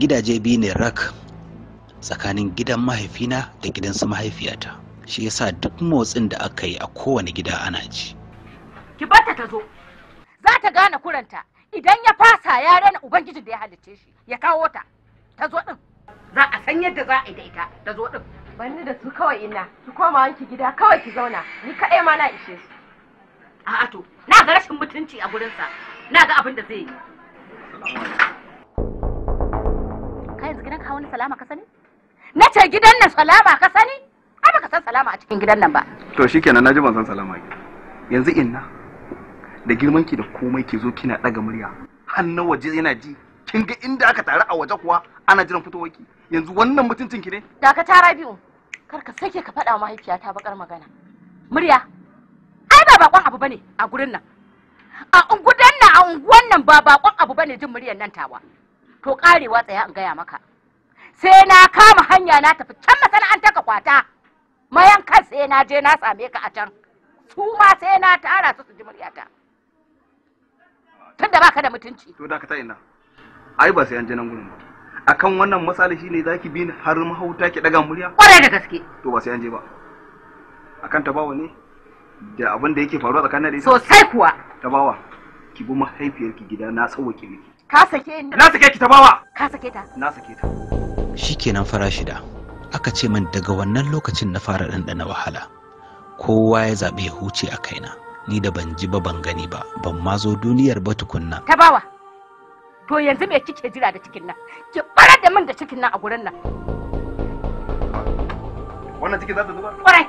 gidaje biyu ne rak tsakanin gidan mahaifina da gidan su mahaifiyata shi yasa duk motsin da aka yi a kowane gida ana ji ki bata ta zo za ta gane kuranta idan ya fasa ya rena ubangiji da ya halicce shi ya kawo ta ta zo din za a san yadda za a yi da ita ta zo din banni da su kawai ina su koma wanki gida kawai ki zauna ni kaɗai ma na ishe su a'a to na ga rashin mutunci a sa na ga abin da zai yi kawo wani salama ka sani na ce gidan nan salama ka sani ai baka san salama a cikin gidan nan ba to shikenan naji ban san salama yanzu inna da girman ki da komai ke zo kina daga murya har na waje yana ji kin ga inda aka taru a waje kuwa ana jiran fitowar ki yanzu wannan mutuncin ki ne da ka tara biyu kar ka sake ka faɗa mahaifiyata bakar magana murya ai ba bakon abu bane a gurin nan a ungudan nan a unguwan nan ba bakon abu bane jin muryar nan tawa to karewa tsaya in gaya maka sai na kama hanya na tafi can masana'anta ka kwata Mayan kan sai na je na same ka a can su ma sai na tara su su ji muryata tunda baka da mutunci to da ka ta ina ai ba sai an je nan gurin ba akan wannan misali shine zaki bi ni har mahauta ki daga murya kware da gaske to ba sai an je ba akan tabawa ne da abin da yake faruwa tsakanin da ita sosai kuwa tabawa ki bi mahaifiyarki gida na sauke miki ka sake ni na sake ki tabawa ka sake ta na sake ta shikenan fara shida aka ce min daga wannan lokacin na fara ɗanɗana wahala kowa ya zaɓi ya huce a kaina ni da ban ji ba ban gani ba ban ma zo duniyar ba tukunna ta bawa to yanzu me kike jira da cikin nan ki fara da min da cikin nan a gurin nan wannan ciki za ta zuba? kwarai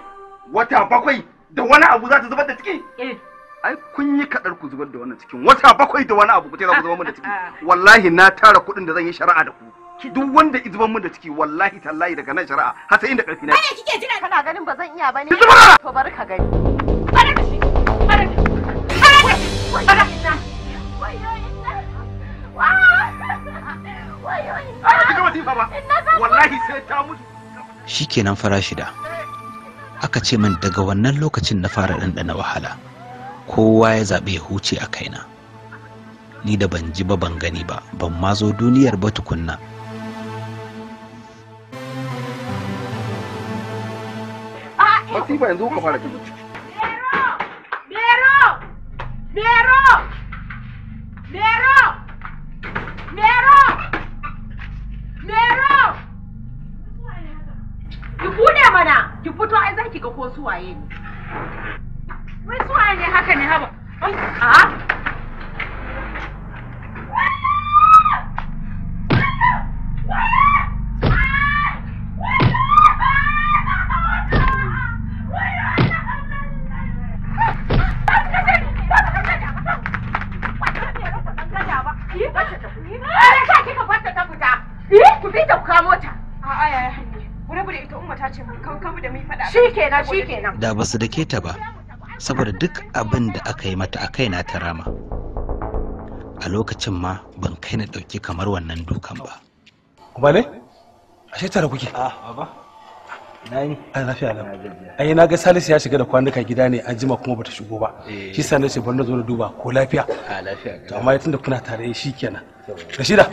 wata bakwai da wani abu za ta zubar da ciki eh ai kun yi kadar ku zubar da wannan cikin wata bakwai da wani abu ku ce za ku zubar da ciki ah, ah, ah. wallahi na tara kuɗin da zan yi shari'a da ku ki duk wanda izuban mun da ciki wallahi tallahi daga nan shari'a har sai inda karfi na kike jira kana ganin ba zan iya bane to bari ka gani bari ka shi bari ka shi kenan fara shida aka ce min daga wannan lokacin na fara ɗanɗana wahala kowa ya zaɓe ya huce a kaina ni da ban ji ba ban gani ba ban ma zo duniyar ba tukunna masifa yanzu ka fara gani Mero! Mero! Mero! Mero! Mero! Ki mana, ki fito Ah? da ba su dake ta ba saboda duk abin da aka yi mata a na ta rama a lokacin ma ban kai na ɗauki kamar wannan dukan ba kuma ne ashe tare kuke a ah, baba nayi ai ah, lafiya lam ai na ga Salisu ya shiga da kwanuka gida ne an jima kuma bata shigo ba eh. shi sa shi bar na zo na duba ko lafiya a ah, lafiya to amma tunda kuna tare shi kenan Rashida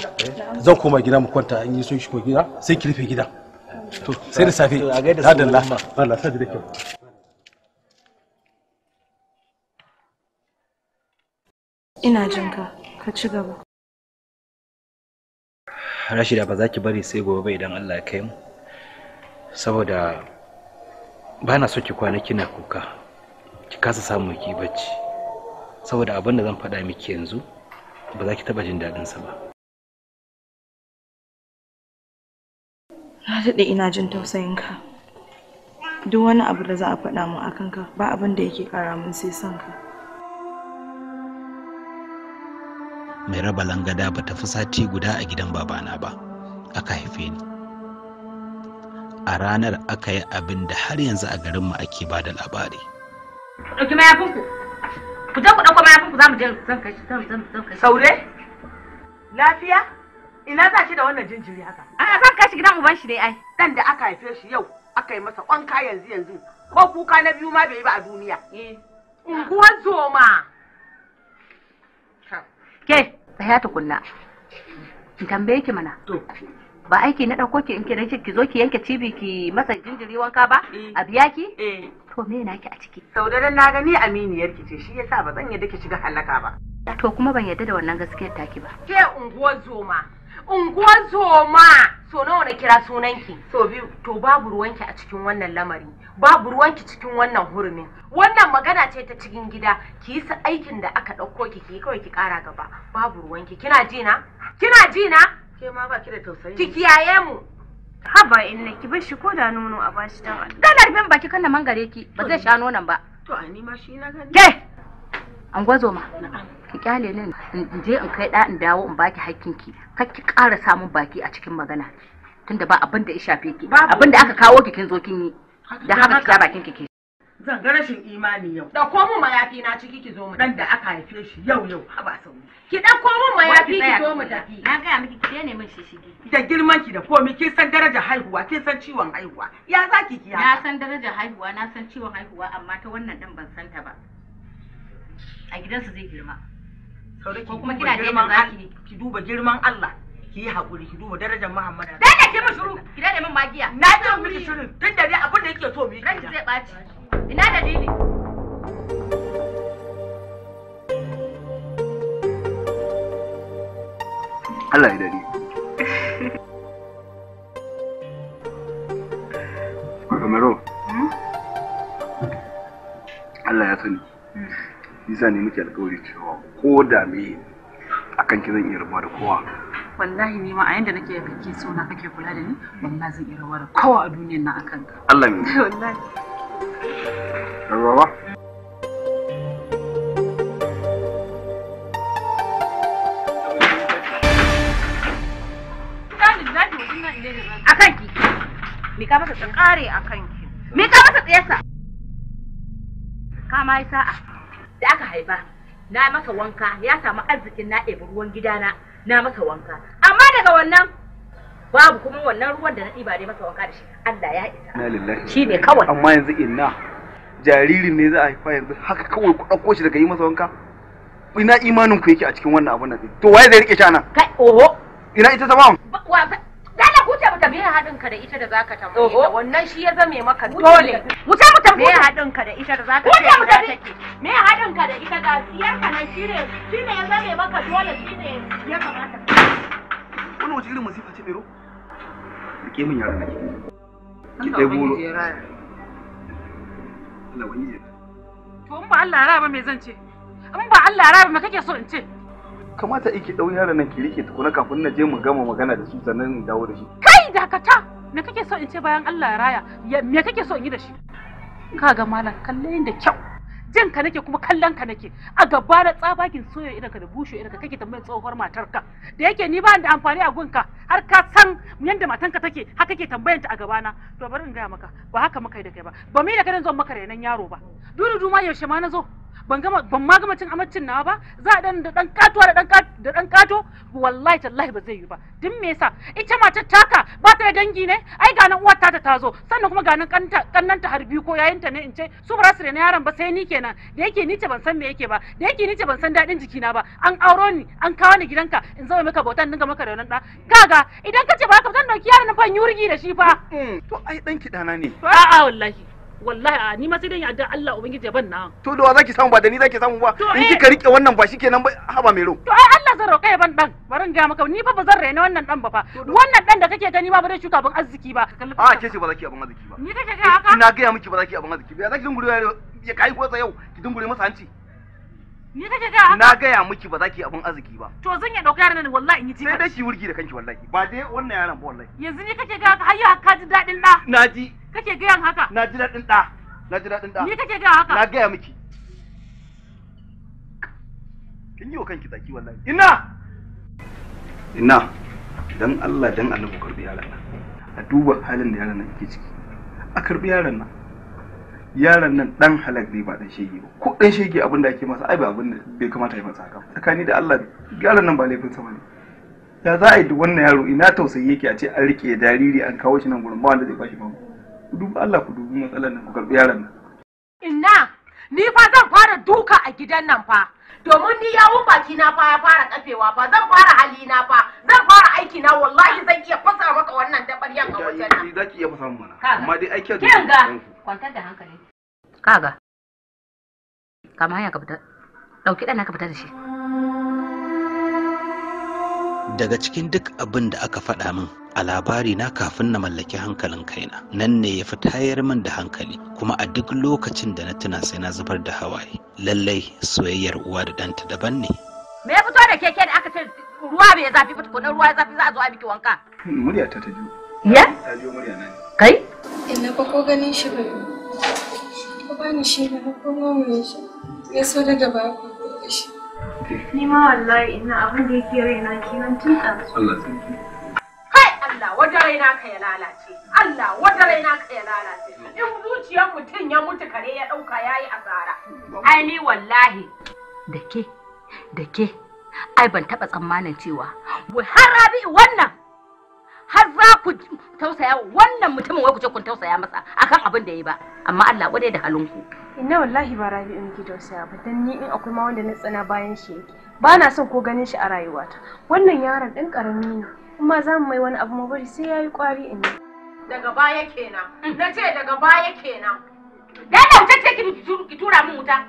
zan koma gida mu kwanta an yi sun shigo gida sai ki rufe gida eh. to sai da safe ta dalla Allah sa da kyau Ina jin ka, ka ci gaba. Rashida ba za ki bari sai gobe ba idan Allah ya kai mu. Saboda ba na so ki kwana kina kuka, ki kasa samu ki bacci. Saboda abin da zan faɗa miki yanzu ba za ki taɓa jin sa ba. Na daɗe ina jin tausayin ka. Duk wani abu da za a faɗa mu akan ka ba abin da yake ƙara mun sai son mai raba langada ba ta fi sati guda a gidan babana ba aka haife ni a ranar aka yi abin da har yanzu a garinmu ake ba da labari ɗauki mayafinku ku je ku ɗauko mayafinku za mu je zan kai zan saure lafiya ina za shi da wannan jinjiri haka a zan kai shi gidan uban shi dai ai dan da aka haife shi yau aka yi masa kwanka yanzu yanzu ko kuka na biyu ma bai yi ba a duniya eh. unguwar zoma ke tsaya tukunna in tambaye ki mana ba aiki na ɗauko ki in ki ki zo ki yanke cibi ki masa jinjiri wanka ba eh. a biya ki eh. to me na ki a ciki saudaran na gani aminiyar ki ce shi yasa ba zan yadda ki shiga halaka ba to kuma ban yadda da wannan gaskiyar taki ba ke unguwar zoma unguwar zoma so nawa na kira sunanki so biyu to babu ruwanki a cikin wannan lamari babu ruwanki cikin wannan hurumin wannan magana ce ta cikin gida ki yi aikin da aka ɗauko ki ki kawai ki ƙara gaba babu ruwanki kina ji na kina ji na ke ma ba ki da tausayi ki kiyaye mu haba ne, ki bar shi ko da nono a bashi dan Allah kana rufin baki kana mangare ki ba zai sha nonon ba to a ni ma shi na gani ke an gwazo ma ki kyale ni in je in kai da in dawo in baki ki kar ki ƙara samun baki a cikin magana tunda ba abin da ya shafe ki abin da aka kawo ki kin zo kin yi da haka ki bakin ki zan ga rashin imani yau da ko mun mayafi na ciki ki zo mu dan da aka haife shi yau yau ba sauri ki dan ko mun mayafi ki zo mu tafi na ga miki ki ne min shishigi da girman ki da komai kin san darajar haihuwa kin san ciwon haihuwa ya zaki ki ya na san darajar haihuwa na san ciwon haihuwa amma ta wannan dan ban san ta ba a gidansa zai girma ko kuma kina da za ki duba girman Allah ki yi haƙuri ki duba darajar Muhammad da da ke mushuru ki da min magiya na ce miki shirin tun da dai abin da yake so mu yi ranki zai baci ina da dalili Allah ya dade Kamaro, hmm? Allah ya sani. yasa ne muke alkawari cewa ko da me akan ki zan iya rabuwa da kowa wallahi ni ma a yanda nake kake so na kake kula da ni wallahi zan iya rabuwa da kowa a duniyar nan akan ka Allah ne wallahi rabuwa akan ki me ka masa ta kare akan ki me ka masa tsayasa ka mai sa'a da aka haifa na masa wanka ya samu arzikin na ɗebi ruwan gidana na masa wanka amma daga wannan babu kuma wannan ruwan da na ɗiba dai masa wanka da shi Allah ya isa shi ne kawai amma yanzu inna jaririn ne za a haifa yanzu haka kawai ku ɗauko shi daga yi masa wanka ina imanin ku yake a cikin wannan abun nan to waye zai rike shi anan kai oho ina ita tamam wuce mu tafi haɗin ka da ita da zaka tambaye ta wannan shi ya zame maka dole wuce mu tafi haɗin ka da ita da zaka ce ina take me haɗin ka da ita ga siyar ka nan shi ne ya zame maka dole shi ne ya kamata wannan wace irin masifa ce Bero rike min yaran nake ki dai bolo Allah wani ya to in ba Allah ya raba me zan ce in ba Allah ya raba me kake so in ce kamata ki ɗau yaron nan ki rike tukuna kafin na je mu gama magana da su sannan in dawo da shi. Kai dakata! Me kake so in ce bayan Allah ya raya? Me kake so in yi da shi? Ka ga malam kalle da kyau. Jin ka nake kuma kallon ka nake. A gaba da tsabakin soya idan ka da bushe idan ka kake tambayar tsohuwar matarka. Da yake ni ba da amfani a gunka har ka san yadda matanka take har kake tambayar ta a gabana. To bari in gaya maka ba haka muka yi da kai ba. Ba mai da kai zan maka renon yaro ba. Dudu duma yaushe ma na zo. ban gama ban ma gama cin amincin nawa ba za a dan da dan katuwa da dan da dan kato wallahi tallahi ba zai yi ba din me yasa ita matar taka ba ta da dangi ne ai ga nan uwar ta ta zo sannan kuma ga nan kannanta har ko yayinta ne in ce su ba su rena yaron ba sai ni kenan da yake ni ce ban san me yake ba da yake ni ce ban san dadin jikina ba an auro ni an kawo ni gidanka in zama maka bautan dinga maka da wannan da kaga idan ka ce ba ka zan dauki yaron nan fa yurgi da shi fa mm, to ai dan dana ne a'a wallahi wallahi a ni ma sai dan yadda Allah ubangiji ya banna to da wa zaki samu ba da ni zaki samu ba in eh. kika rike wannan ba shikenan ba haba mero to ai Allah zan roƙa ya ban dan barin ga maka ni fa ba zan raina wannan dan ba fa wannan dan da kake gani ba ba zai shuka ban arziki ba a ke ce ba zaki abin arziki ba ni kake ga haka ina ga miki ba zaki abin arziki ba zaki dungure ya kai ko yau ki dungure masa hanci Ni kake ga haka? Na gaya miki ba za ki abun arziki ba. To zan ya dauka yaran nan wallahi in yi Sai dai ki wurgi da kanki wallahi. Ba dai wannan yaran ba wallahi. Yanzu ni kake ga haka har ya ka ji dadin da. Na ji. Kake ga yan haka? Na ji dadin da. Na ji dadin da. Ni kake ga haka? Na gaya miki. Kin yi wa kanki zaki wallahi. Inna. Ina. Dan Allah dan Allah ku karbi yaran nan. A duba halin da yaran nan ke ciki. A karbi yaran nan. yaron nan dan halak ne ba dan shege ba ko dan shege abin da ake masa ai ba abin da bai kamata ya masa haka tsakani da Allah yaron nan ba laifin sa bane ya za a yi wannan yaro ina tausayi yake a ce an rike jariri an kawo shi nan gurin ba wanda zai bashi ba ku dubi Allah ku dubi matsalar nan ku karbi yaron nan inna ni fa zan fara duka a gidan nan fa domin ni yawun baki na fa ya fara kafewa fa zan fara hali na fa zan fara aiki na wallahi zan iya fasa maka wannan dabaryan a wajen nan zaki iya fasa mana amma dai aikin da kwanta da hankali kaga kama hanya ka fita dauki dana ka fita da shi daga cikin duk abin da aka faɗa min a labari na kafin na mallaki hankalin kaina nan ne ya fi tayar min da hankali kuma a duk lokacin da na tuna sai na zubar da hawaye lallai soyayyar uwa da ɗanta daban ne me ya fito da keke da aka ce ruwa bai zafi ko tukunan ruwa zafi za a zo a miki wanka murya ta ta ji ya ta ji murya nan kai Ina fa ko ganin shi bai bani shi da kuma mai shi ya so da da ba ku da shi ni ma wallahi ina abin da yake raina kenan tun ɗansu Allah kai Allah wata raina ka ya lalace Allah wata raina ka ya lalace in zuciyar mutum ya mutu kare ya ɗauka ya yi asara ai ni wallahi da ke da ke ai ban taɓa tsammanin cewa wai har rabi wannan har za ku tausaya wannan mutumin wai ku ce kun tausaya masa akan abin da ya ba amma Allah kwadai da halinku inna wallahi ba rabi'u ki tausaya ba dan ni in akwai ma wanda na tsana bayan shi yake ba na son ko ganin shi a rayuwata wannan yaron din karami ne kuma za mu mai wani abu mu bari sai yayi kwari in daga baya kenan ce daga baya kenan dan da ce ki tura min wuta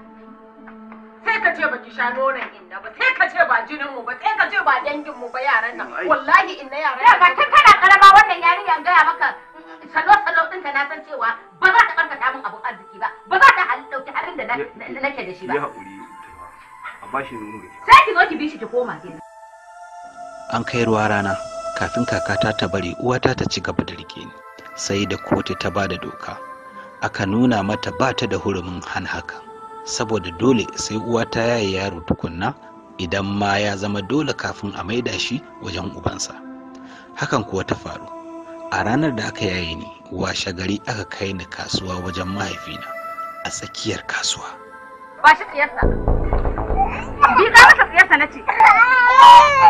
sai ka ce baki sha nonon inda ba sai ka ce ba jinin mu ba sai ka ce ba dangin mu ba yaran nan wallahi inna yaran nan ga tun kana karama wannan yarinyar gaya maka salo salo din ta na san cewa ba za ta barka mun abin arziki ba ba za ta halin dauki harin da nake da shi ba ya hakuri a bashi nono sai ki zo ki bi shi ki koma kenan an kai ruwa rana kafin kakata ta bari uwata ta ci gaba da rike ni sai da kotu ta ba da doka aka nuna mata ba ta da hurumin han hakan saboda dole sai uwa ta yaye yaro tukunna idan ma ya zama dole kafin a maida shi wajen ubansa hakan kuwa ta faru a ranar da aka yaye ni washe gari aka kai ni kasuwa wajen mahaifina a tsakiyar kasuwa ba shi bi za masa tsiyarsa na ce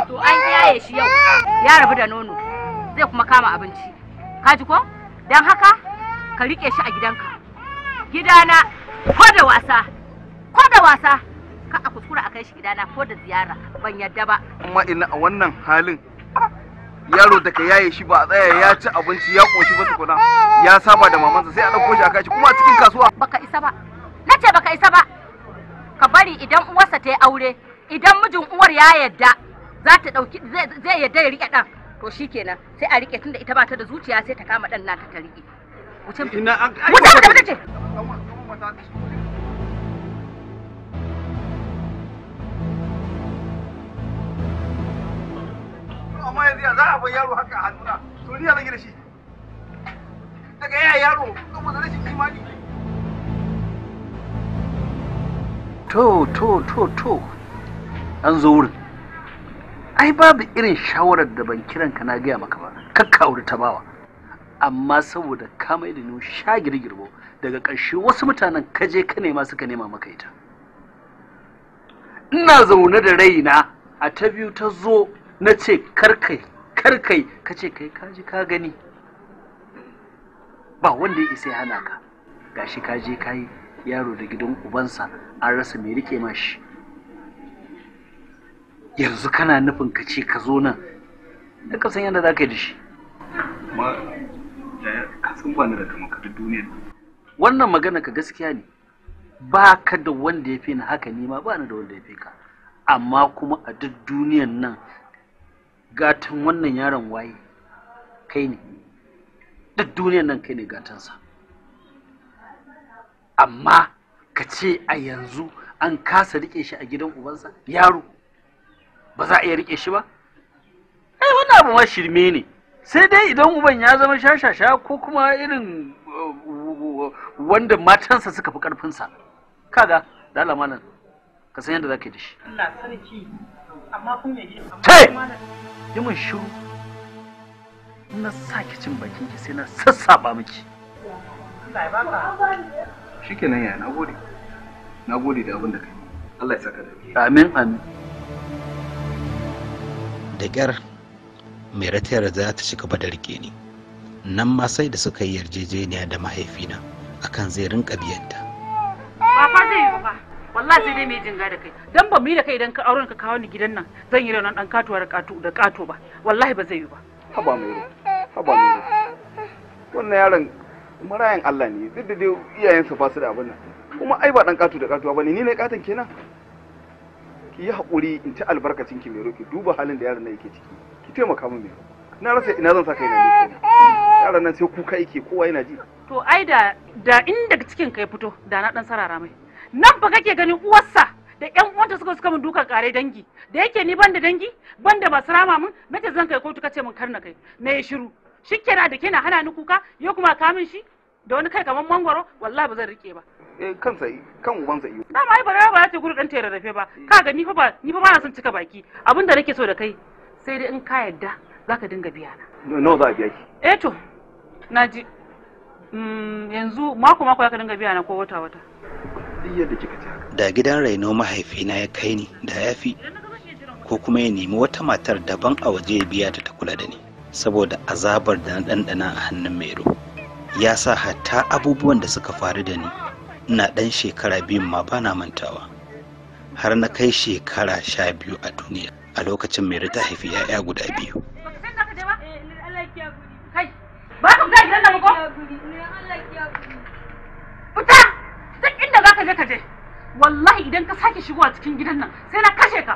to an yaye shi yau ya rabu da nono zai kuma kama abinci ka ji ko don haka ka rike shi a gidanka gidana ko da wasa ko da wasa ka a kuskura a kai shi gidana ko da ziyara ban yadda ba amma ina a wannan halin yaro da ka yaye shi ba a tsaya ya ci abinci ya koshi ba tukuna ya saba da mamansa sai a ɗauko shi a kai shi kuma a cikin kasuwa baka isa ba na ce baka isa ba ka bari idan uwarsa ta yi aure idan mijin uwar ya yadda za ta ɗauki zai yadda ya riƙe ɗan to shi kenan sai a riƙe tunda ita ba ta da zuciya sai ta kama ɗan nata ta riƙe wucin da wuce ce amma yanzu ya to to to to an zo wurin ai babu irin shawarar da ban kiran ka na gaya maka ba kakka aure ta bawa amma saboda ka mai da nuna sha girgirbo daga ƙarshe wasu mutanen ka je ka nema suka nema maka ita ina zaune da raina a ta biyu ta zo na ce karkai karkai ka ce kai kaji ka gani ba wanda ya isa hana ka gashi ka ka yi yaro da gidan ubansa an rasa mai rike mashi yanzu kana nufin ka ce ka zo nan da ka yadda za ka yi da shi ma ka san ba da kama ka duniyar wannan magana ka gaskiya ne ba ka da wanda ya fi ni haka ni ma ba ni da wanda ya fi ka amma kuma a duk duniyan nan gatan wannan yaron waye kai ne duk duniyan nan kai ne gatansa amma ka ce a yanzu an kasa rike shi a gidan ubansa yaro ba za a iya rike shi ba ai eh, wannan abu ma shirme ne sai dai idan uban ya zama shashasha ko kuma irin uh, wanda matansa suka fi karfinsa kaga da malam ka san yadda za ka yi da shi Allah yi mun shiru na sa ki cin bakin ki sai na sassaɓa miki ke ya yaya, na gode. Na gode da abin da kai Allah ya saka da amin amin da kyar mai ratayar za ta ci gaba da rike ni nan ma sai da suka yi yarjejeniya da mahaifina akan zai rinka biyanta. Baba zai wallahi sai dai mai jin da kai dan ba mu yi da kai idan ka auren ka kawo ni gidan nan zan yi raunan dan katuwa da katu da kato ba wallahi ba zai yi ba haba mai haba mai wannan yaron marayan Allah ne duk da dai iyayensa ba su da abin nan kuma ai ba dan katu da katuwa bane ni ne katan kenan ki yi haƙuri in ci albarkacin ki mai roƙi duba halin da yaron nan yake ciki ki taimaka min mai na rasa ina zan saka ina ne yaron nan sai kuka yake kowa yana ji to ai da da inda cikin kai fito da na dan sarara mai nan ba kake ganin uwarsa da ƴan uwanta suka suka min dukan kare dangi da yake ni banda dangi banda masu rama min mace zan kai kotu kace min karna kai na yi shiru shikenan da kina hana ni kuka yau kuma ka min shi da wani kai kamar mangwaro wallahi ba zan rike ba eh kansa kan ubansa iyo na ma ai ba ba ce gurin dan tare rafe ba eh. ka ga ni fa ba ni fa ba na son cika baki abinda nake so da kai sai dai in ka yadda zaka dinga biya na no za a biya ki eh to naji mm, yanzu mako mako ya ka dinga biya na ko wata wata da gidan raino mahaifina ya kai ni da ya fi ko kuma ya nemi wata matar daban a waje ya biya ta ta kula da ni saboda azabar da na ɗanɗana a hannun mero ya sa hatta abubuwan da suka faru da ni ina ɗan shekara biyun ma ba na mantawa har na kai shekara sha biyu a duniya a lokacin mero ta haifi 'ya'ya guda biyu ka je ka je wallahi idan ka sake shigowa cikin gidan nan sai na kashe ka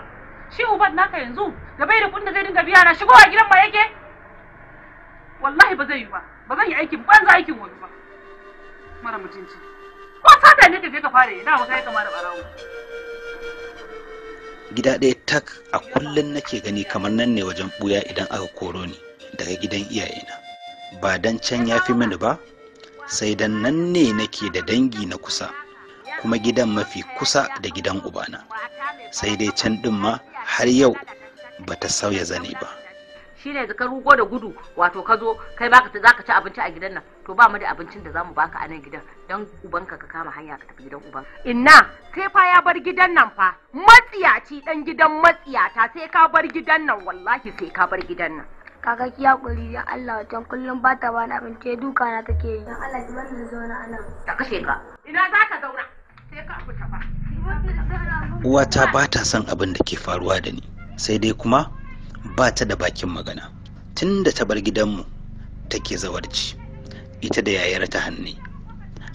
shi uban naka yanzu da bai da kunda zai dinga biya na shigowa gidan ma yake wallahi ba zai yi ba ba zan yi aikin banza aikin wani ba mara mutunci ko sata ne ka je ka fara yi dama kai kama da barawo gida ɗaya tak a kullum nake gani kamar nan ne wajen buya idan aka koro ni daga gidan iyayena ba dan can ya fi mini ba sai dan nan ne nake da dangi na kusa kuma gidan mafi kusa da gidan ubana sai dai can ɗin ma har yau ba ta sauya zane ba shi ne ka rugo da gudu wato ka zo kai baka ta zaka ci abinci a gidan nan to ba mu da abincin da zamu baka a nan gidan dan ubanka ka kama hanya ka tafi gidan uban inna sai fa ya bar gidan nan fa matsiyaci dan gidan matsiyata sai ka bar gidan nan wallahi sai ka bar gidan nan kaga kiya kuri ya Allah wajen kullum ba ta bani abinci duka na take yi dan Allah ki bani zauna anan ta kashe ka ina za ka zauna uwata ba ta son abin da ke faruwa da ni sai dai kuma ba ta da bakin magana tun da ta bar gidanmu ta ke zawarci ita da yayar ta hannu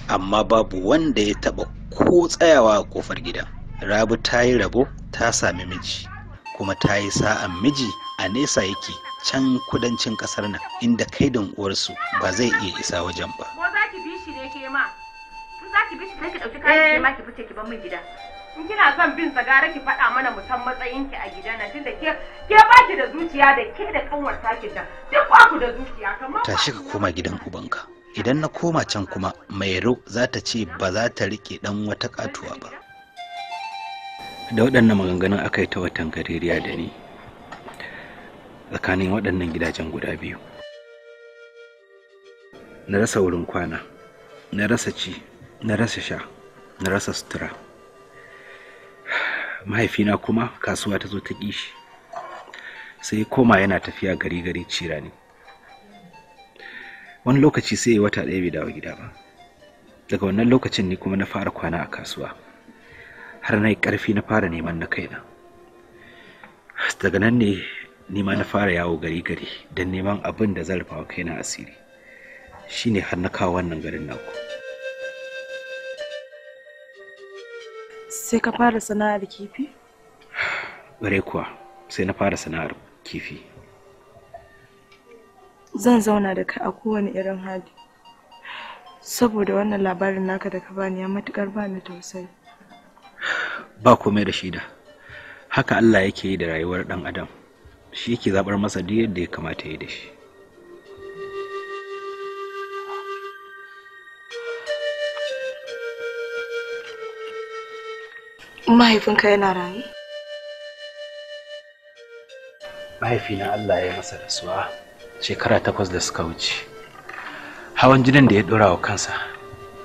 amma babu wanda ya taba ko tsayawa a kofar gida rabu ta yi rabo ta sami miji kuma ta yi sa'an miji a nesa yake can kudancin ƙasar nan inda kaidan uwarsu ba zai iya isa wajen ba ki bi shi sai ki dauki kayan ki ma ki fice ki bar min gida in kina son bin sa gara ki faɗa mana mu san matsayin ki a gida na tunda ke ke ba ki da zuciya da ke da kanwar takin nan duk ba ku da zuciya kamar tashi ka koma gidan ubanka idan na koma can kuma mairo za ta ce ba za ta rike dan wata katuwa ba da waɗannan maganganun aka yi ta watan gariya da ni tsakanin waɗannan gidajen guda biyu na rasa wurin kwana na rasa ci na rasa sha na rasa sutura mahaifina kuma kasuwa ta zo ta kishi sai koma yana tafiya gari gari cira ne wani lokaci sai ya wata ɗaya bai dawo gida ba daga wannan lokacin ne kuma na fara kwana a kasuwa har na yi ƙarfi na fara neman na kaina daga nan ne nima na fara yawo gari gari don neman abin da zan rufa kaina asiri shine har na kawo wannan garin naku. sai ka fara sana'ar kifi? Bare kuwa sai na fara sana'ar kifi. Zan zauna da kai a kowane irin hali. Saboda wannan labarin naka da ka bani ya matukar bani tausayi. Ba komai da shida. Haka Allah yake yi da rayuwar ɗan Adam. Shi yake zaɓar masa duk yadda ya kamata ya yi da shi. mahaifinka yana raye mahaifina allah ya masa rasuwa shekara takwas da suka wuce hawan jinin da ya dora wa kansa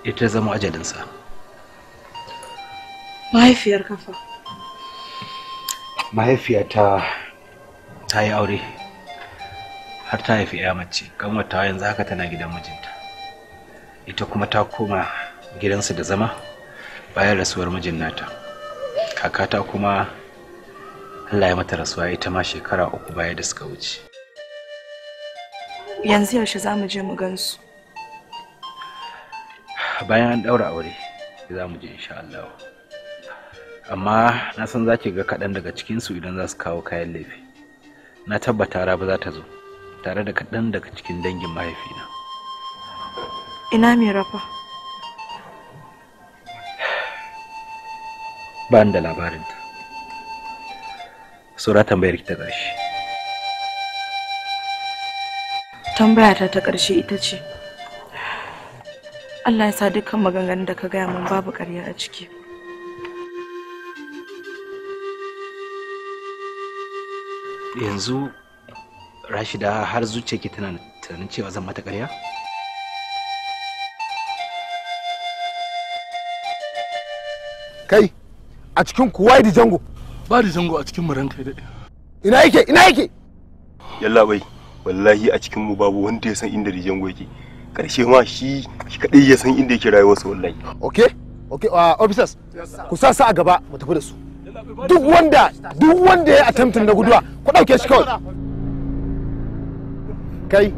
ita zama ajalinsa mahaifiyar kafa mahaifiyata ta yi aure har ta haifi ya mace kan yanzu haka tana gidan mijinta ita kuma ta koma gidansa da zama bayan rasuwar mijin nata kakata kuma Allah ya mata rasuwa ita ma shekara uku baya da suka wuce yanzu yaushe za mu je mu gansu bayan an daura aure za mu je insha Allah amma na san za ki ga kaɗan daga cikinsu idan za su kawo kayan laifi na tabbata raba za ta zo tare da kaɗan daga cikin dangin mahaifina ina mai rafa bayan da labarinta saura tambayar ki ta ƙarshe tambayata ta ƙarshe ita ce Allah ya sa dukkan maganganun da ka gaya min babu ƙarya a ciki yanzu rashida har zuciya ki tana tunanin cewa zan mata ƙarya? kai a cikin kuwa da jango ba da jango a cikin muran kai ina yake ina yake yalla bai wallahi a cikin mu babu wanda ya san inda da jango yake karshe ma shi shi kadai ya san inda yake sa wallahi okay okay uh, officers ku sa sa a gaba mu tafi da su duk wanda duk wanda ya attempt na guduwa ku dauke shi kawai kai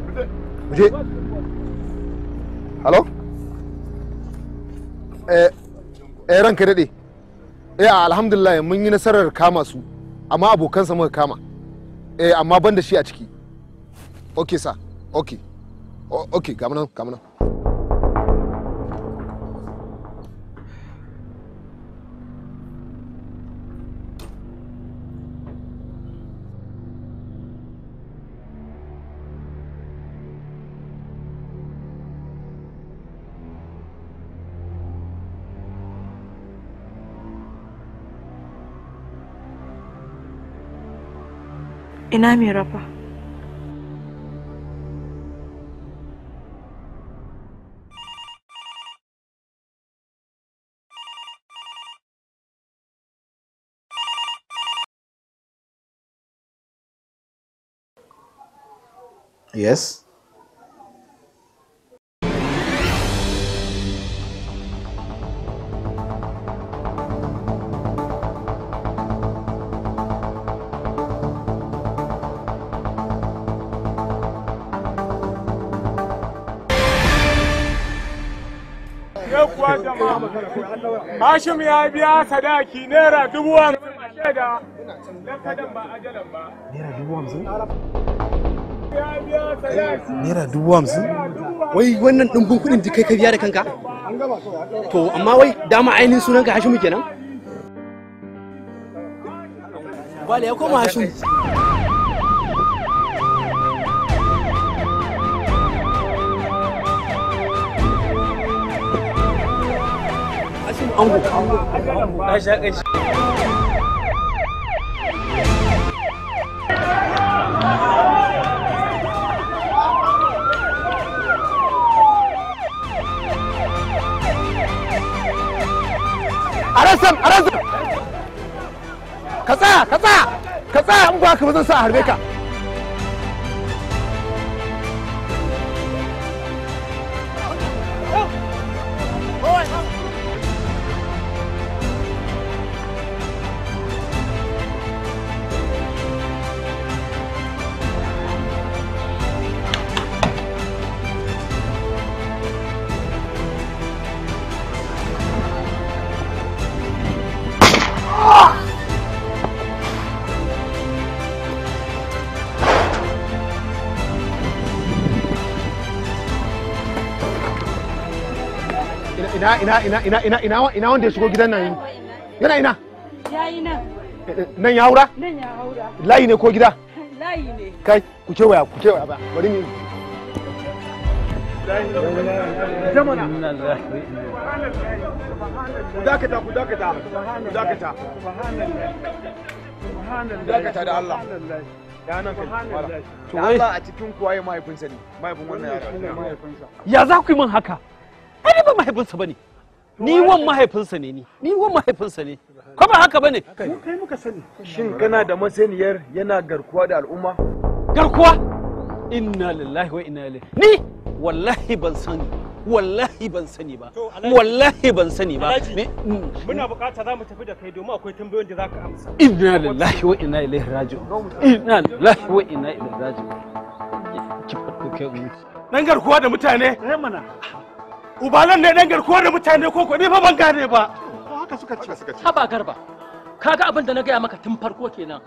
je hello eh eh ranka dade eh alhamdulillah mun yi nasarar kama su amma abokansa muka kama eh amma ban da shi a ciki okay sa okay okay ga nan Eh, and i Yes. Hashim ya biya sadaki naira dubu hamsin a shaida na kadan ba ajalan ba. Naira dubu hamsin? Naira dubu hamsin? Wai wannan ɗumbin kuɗin duk kai ka biya da kanka? To amma wai dama ainihin sunanka Hashimu kenan? Bale ya koma Hashimu. ango na sha Ka tsaya, ka tsaya! Ka tsaya in ba ka zan sa harbe ka. ina ina ina ina ina ina ina wanda ya shigo gidan nan yana ina nan nan ya haura nan ya haura layi ne ko gida layi kai ku ce waya ku ba bari ya a ne ya za ku yi min haka ba mahaifinsa bane ni wan mahaifinsa ne ni ni wan mahaifinsa ne ko ba haka bane mu kai muka sani shin kana da masaniyar yana garkuwa da al'umma garkuwa inna lillahi wa inna ilaihi ni wallahi ban sani wallahi ban sani ba wallahi ban sani ba mm. muna bukata za mu tafi da kai domin akwai tambayoyin da za ka amsa inna lillahi wa inna ilaihi raji'un inna lillahi wa inna ilaihi raji'un ki ke kai dan garkuwa da mutane mana ubalan ne dan garkuwa da mutane ko ko ni fa ban gane ba haka suka ce suka haba garba kaga abin da na gaya maka tun farko kenan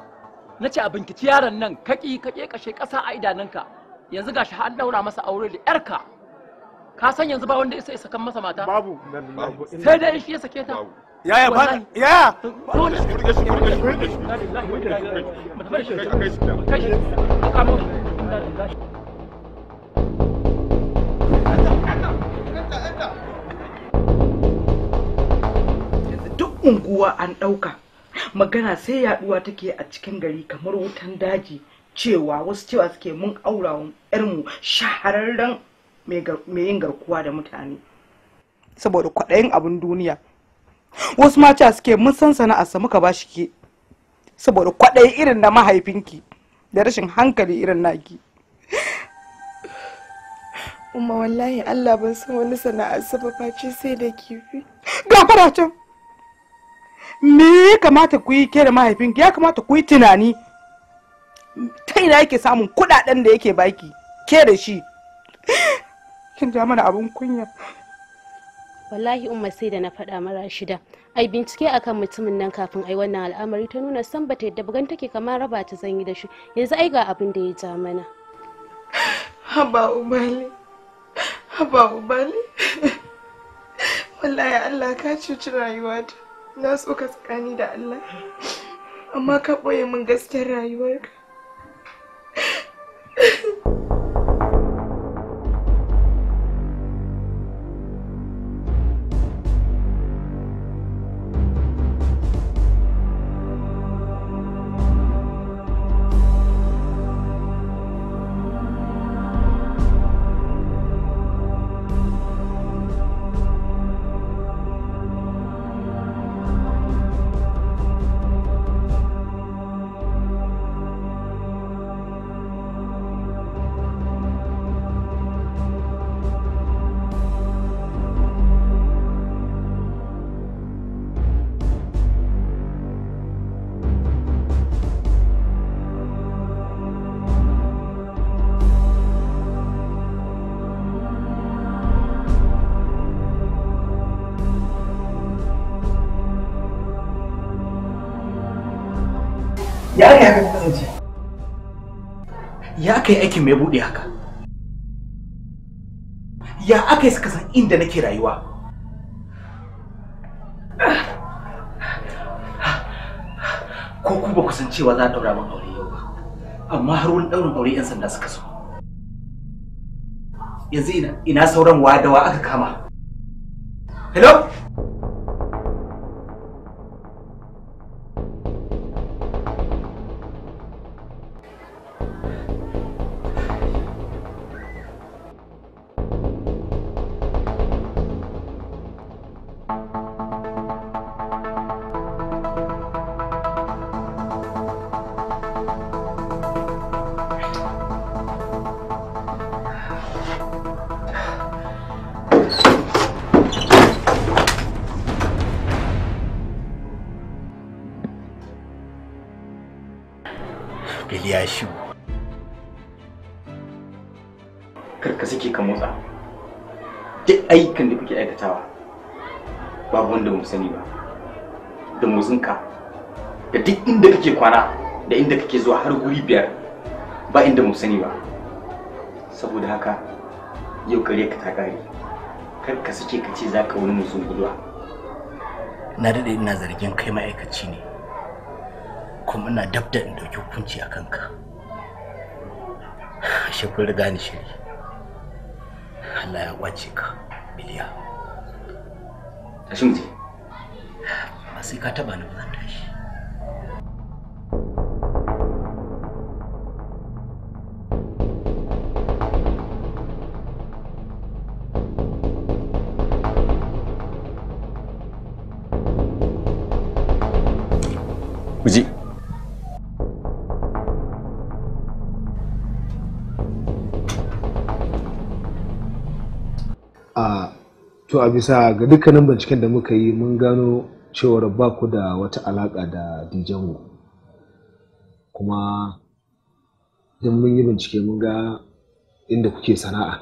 na ce a binciki yaron nan kaki kake kashe kasa a idanunka yanzu gashi har daura masa aure da yarka ka san yanzu ba wanda isa isa kan masa mata babu sai dai shi ya sake ta yaya ba yaya kai shi kai shi unguwa an ɗauka magana sai yaduwa take a cikin gari kamar wutan daji cewa wasu cewa suke mun aurawa yarmu shahararren mai yin garkuwa da mutane saboda kwaɗayin abin duniya wasu mata suke mun san sa muka ba shi ke saboda kwaɗayi irin na mahaifinki da rashin hankali irin naki umma wallahi allah ban san wani sana'ar sababa ce sai da kifi gafara can me ya kamata ku yi ke da mahaifin ya kamata ku yi tunani ta ina yake samun kudaden da yake baki ke da shi kin ja mana abun kunya wallahi umma sai da na faɗa mara shida ai bincike akan mutumin nan kafin ai wannan al'amari ta nuna san bata yadda bugan take kamar raba ta zanyi da shi yanzu ai ga abin da ya ja mana haba ubali haba ubali wallahi Allah ka cuci rayuwata na so ka tsakani da Allah amma ka ɓoye min gaskiyar rayuwarka aka yi aikin mai buɗe haka ya aka yi suka san inda nake rayuwa ko ku ba san cewa za a ɗaura min aure yau ba amma har wani ɗaurin aure 'yan sanda suka so yanzu ina sauran wadawa aka kama hello shi karka suke ka motsa duk ayyukan da kuke aikatawa babu wanda mu sani ba da motsinka da duk inda kake kwana da inda kake zuwa har guri biyar ba inda mu sani ba saboda haka yau kare ka ta kare kar ka suke ka ce za ka wani mutum guduwa na daɗe ina zargin kai ma'aikaci ne kuma ina dab da in dauki hukunci a kanka shi kun riga ni shiri Allah ya kwace ka biliya Hashim ji ba sai ka taba ni ba zan to a bisa ga dukkanin binciken da muka yi mun gano cewar ba ku da wata alaƙa da dijango kuma don mun yi bincike mun ga inda kuke sana'a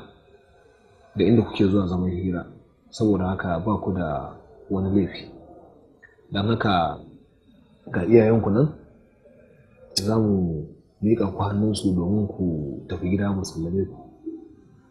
da inda kuke zuwa zaman hira saboda haka ba ku da wani laifi don haka ga iyayenku nan za mu miƙa ku su domin ku tafi gida musulmai ku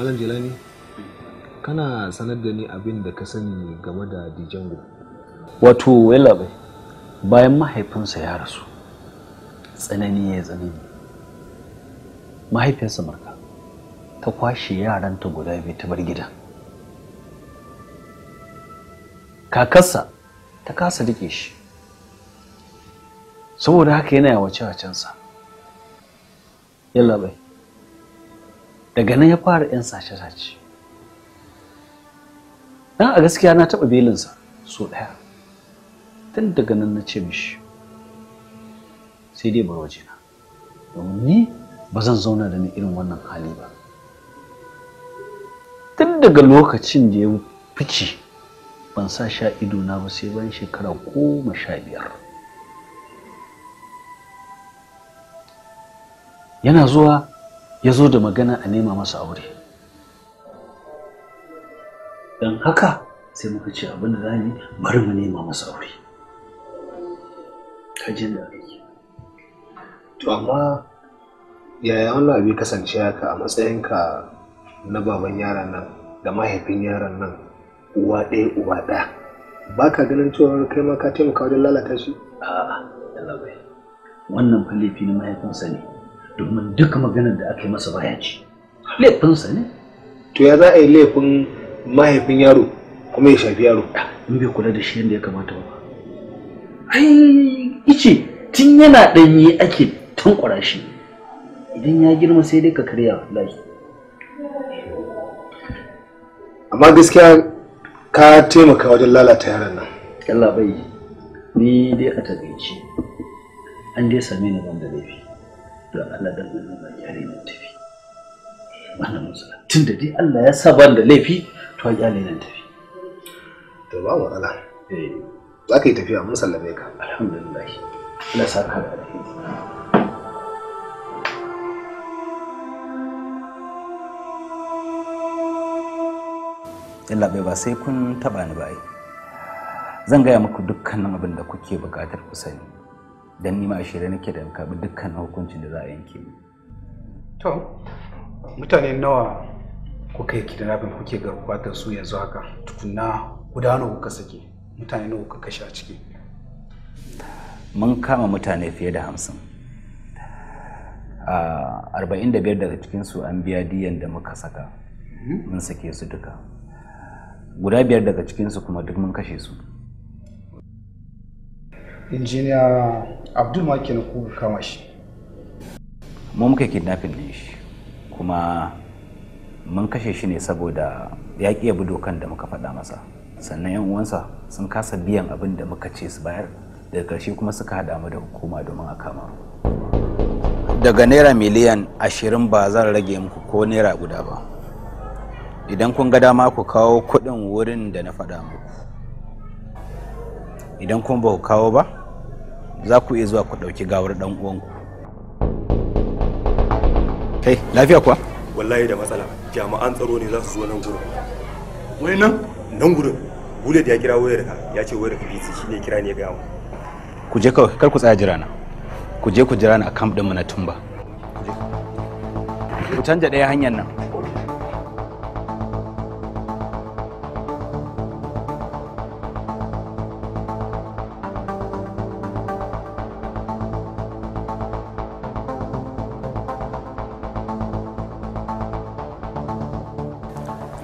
malam jelani kana sanar da ni abin da ka sani game da dijango wato yalla bai bayan mahaifinsa ya rasu tsanani ya tsanani mahaifiyarsa marka ta kwashe yaranta guda biyu ta bar gida kakarsa ta kasa rike shi saboda haka yana wace wacensa yalla bai daga nan ya fara 'yan sace-sace dan a gaskiya na taɓa belinsa so ɗaya tun daga nan na ce mishi sai dai bar wajena. na domin ni ba zan zauna da ni irin wannan hali ba tun daga lokacin da ya fice ban sa sha ido na ba sai bayan shekara goma sha biyar yana zuwa ya zo da magana a nema masa aure don haka sai muka ce abin da za bari mu nema masa aure Ka ji da ake to amma yaya Allah bai kasance haka a matsayinka na baban yaran nan da mahaifin yaran nan uwa ɗaya uwa ɗaya ba ka ganin cewa kai ma ka taimaka wajen lalata shi a'a wannan fa ne na mahaifinsa ne domin duk maganar da aka yi masa baya ci laifinsa ne to ya za a yi laifin mahaifin yaro kuma ya shafi yaro ah, in bai kula da shi yadda ya kamata ba ai ice tun yana ɗanye ake tankwara shi idan ya girma sai dai ka karya wallahi amma gaskiya ka taimaka wajen lalata yaran nan yalla bai ni dai a tabbaci an dai same ni ban da laifi don Allah ya rena tafi tun da dai Allah ya sa da laifi to a gyale nan tafi to ba mu ala eh. za ka yi tafiya mun sallame ka alhamdulillah Allah sa ka da alheri illa bai ba sai kun taba ni ba zan gaya muku dukkanin abin da kuke buƙatar ku sani don nima a shirye nake da kabi dukkan hukuncin da za a yanke mu to mutane nawa kuka yi kidnapping kuke garkuwa da su yanzu haka tukunna guda nawa kuka sake mutane nawa kuka kashe a ciki mun kama mutane fiye da hamsin arba'in da biyar daga cikinsu an biya diyan da muka saka mhm. mun sake su duka guda biyar daga cikinsu kuma duk mun kashe su injiniya abdul makin ku kama shi mu muka kidnapping din shi kuma mun kashe shi ne saboda ya ƙi bi dokan da muka faɗa masa sannan yan uwansa sun kasa biyan abin da muka ce su bayar daga ƙarshe kuma suka haɗa mu da hukuma domin a kama daga naira miliyan ashirin ba zan rage muku ko naira guda ba idan kun ga dama ku kawo kuɗin wurin da na faɗa muku idan kun ba ku kawo ba za ku iya zuwa ku ɗauki gawar ɗan uwanku kai lafiya kuwa wallahi da matsala jami'an tsaro ne za su zo nan gurin wai nan nan gurin da ya kira wayar ka ya ce wayar ka shi ne kira ne ga yawa. ku je kawai kar ku tsaya jira na ku je ku jira na a camp din mu na tumba ku canja ɗaya hanyar nan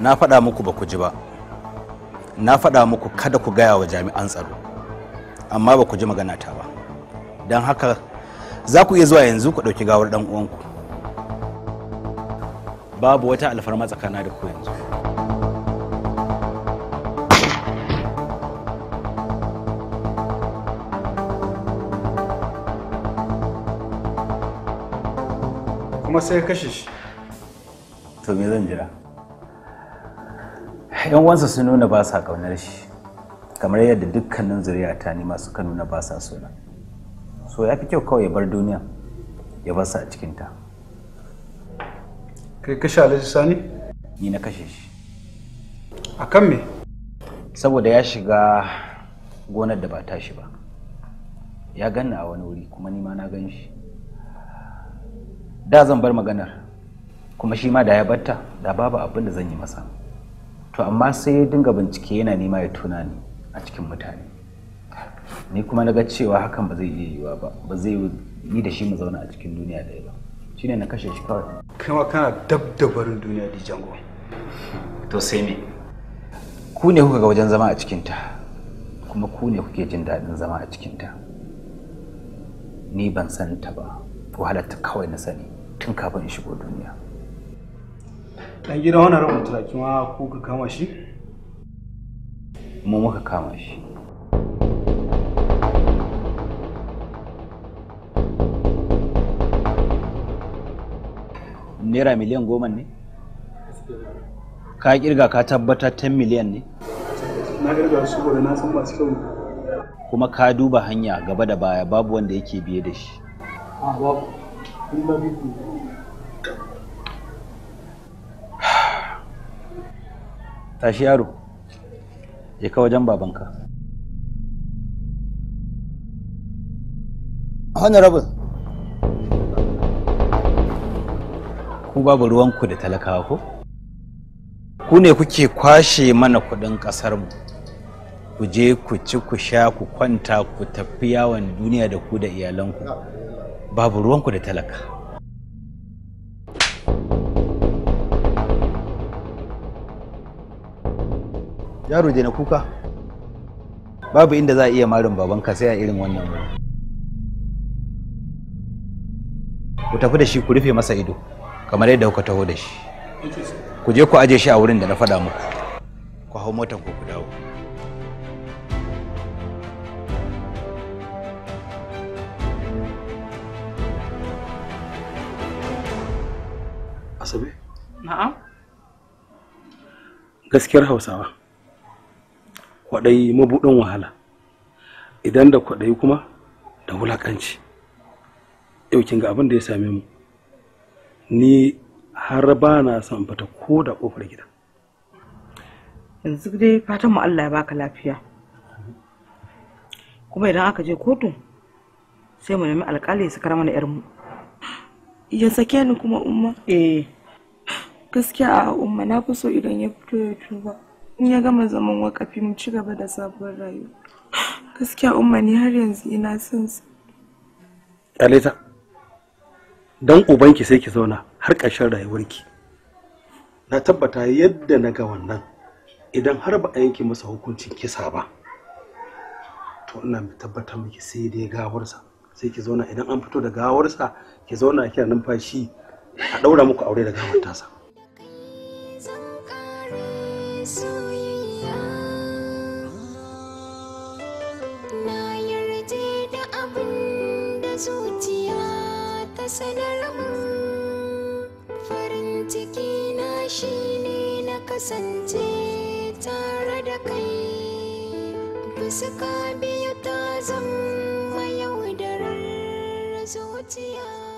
na faɗa muku ba ku ji ba na faɗa muku kada ku gaya wa jami'an tsaro amma ba ku ji magana ta ba don haka za ku iya zuwa yanzu ku ɗauki gawar ɗan uwanku babu wata alfarma tsakana da ku yanzu kuma sai kashe shi to me zan jira yan uwansa sun nuna ba sa ƙaunar shi kamar yadda dukkanin zuriya ta nima suka nuna ba sa suna so ya fi kyau kawai ya bar duniya ya bar sa a cikinta kai kashe alhaji sani ni na kashe shi a kan me saboda ya shiga gonar da ba ta shi ba ya ganna a wani wuri kuma nima na gan shi da zan bar maganar kuma shi ma da ya batta da babu abin da zan yi masa to amma sai dinga bincike yana nema ya tuna ni a cikin mutane ni kuma na ga cewa hakan ba zai iya yiwuwa ba ba zai yi da shi mu zauna a cikin duniya ɗaya ba shine na kashe shi kawai kuma kana dab da barin duniya da jango to sai me ku ne kuka ga wajen zama a cikinta kuma ku ne kuke jin daɗin zama a cikinta ni ban san ta ba wahalar ta kawai na sani tun kafin in shigo duniya dan gidan wannan rabin turakin wa ko ka kama shi mu muka kama shi naira miliyan goma ne ka kirga ka tabbata 10 miliyan ne na kirga su saboda na san masu kyau kuma ka duba hanya gaba da baya babu wanda yake biye da shi a ah, babu tashi yaro je ka wajen babanka honorable ku babu ruwanku da talakawa ko ku ne kuke kwashe mana kudin mu ku je ku ci ku sha ku kwanta ku tafi yawon duniya da ku da iyalanku babu ruwanku da talaka Yaro na kuka. Babu inda za a iya marin babanka sai a irin wannan wuri. Ku tafi da shi ku rufe masa ido kamar yadda kuka taho da shi. Ku je ku aje shi a wurin da na faɗa muku. Ku hau motan ku dawo. Asabe? Na'am. Gaskiyar Hausawa. kwadai mabudin wahala idan da kwadai kuma da wulakanci yau kin ga abin da ya same mu ni har ba na san fita ko da kofar gida yanzu dai fatan mu Allah ya baka lafiya kuma idan aka je kotu sai mu nemi alƙali su kar mana yarmu ya sake ni kuma umma eh gaskiya a umma na fi so idan ya fito ya tuba in ya gama zaman wakafi mu ci gaba da sabuwar rayuwa gaskiya umma ni har yanzu ina son su kaleta dan ubanki sai ki zauna har ƙarshen rayuwarki na tabbata yadda na ga wannan idan har ba a yanke masa hukuncin kisa ba to ina mai tabbatar miki sai dai gawarsa sai ki zauna idan an fito da gawarsa ki zauna kina numfashi a ɗaura muku aure da gawar tasa sanar mun farin ciki na shine na kasance tare da kai fuska biyu ta zama yaudarar zuciya